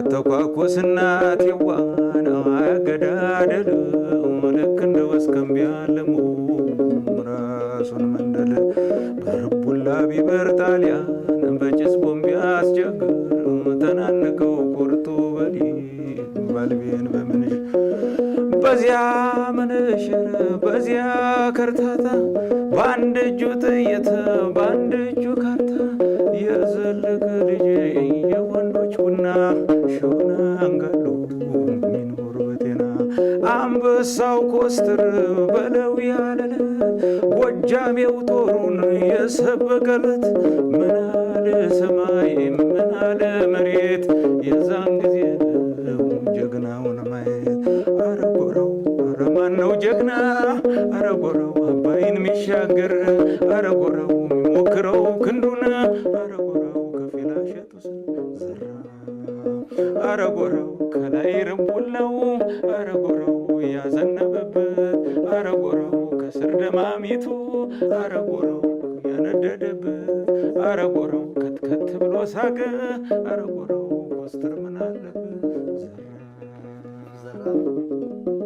እንዳትተኳኩስና ቴዋና አገዳደል ልክ እንደ ወስከም ቢያለሙ ራሱን መንደል በርቡላ ቢበር ጣሊያን በጭስ ቦምብ ቢያስቸግር ተናንቀው ቁርጡ በሊ ባልቤን በምንሽ በዚያ ምንሽር በዚያ ከርታታ በአንድ እጁ ጥይት በአንድ እጁ ካርታ የዘለቀ ልጅ በጤና ሾና አንጋሎ ሚኖር በጤና አንበሳው ኮስትር በለው ያለለ ጎጃሜው ጦሩን የሰበቀለት ምናለ ሰማይ ምናለ መሬት የዛን ጊዜ ነው ጀግናውን ማየት አረጎረው አረማን ነው ጀግና አረጎረው አባይን ሚሻገር አረጎረው የሚሞክረው ክንዱን አረጎረው ከፊላ ሸጡስ ዘራ አረጎረው ከላይ ርቡለው አረጎረው ያዘነበበት አረጎረው ከስር ደማሚቱ አረጎረው ያነደደበት አረጎረው ከትከት ብሎ ሳገ አረጎረው ኮስተር ምን አለበት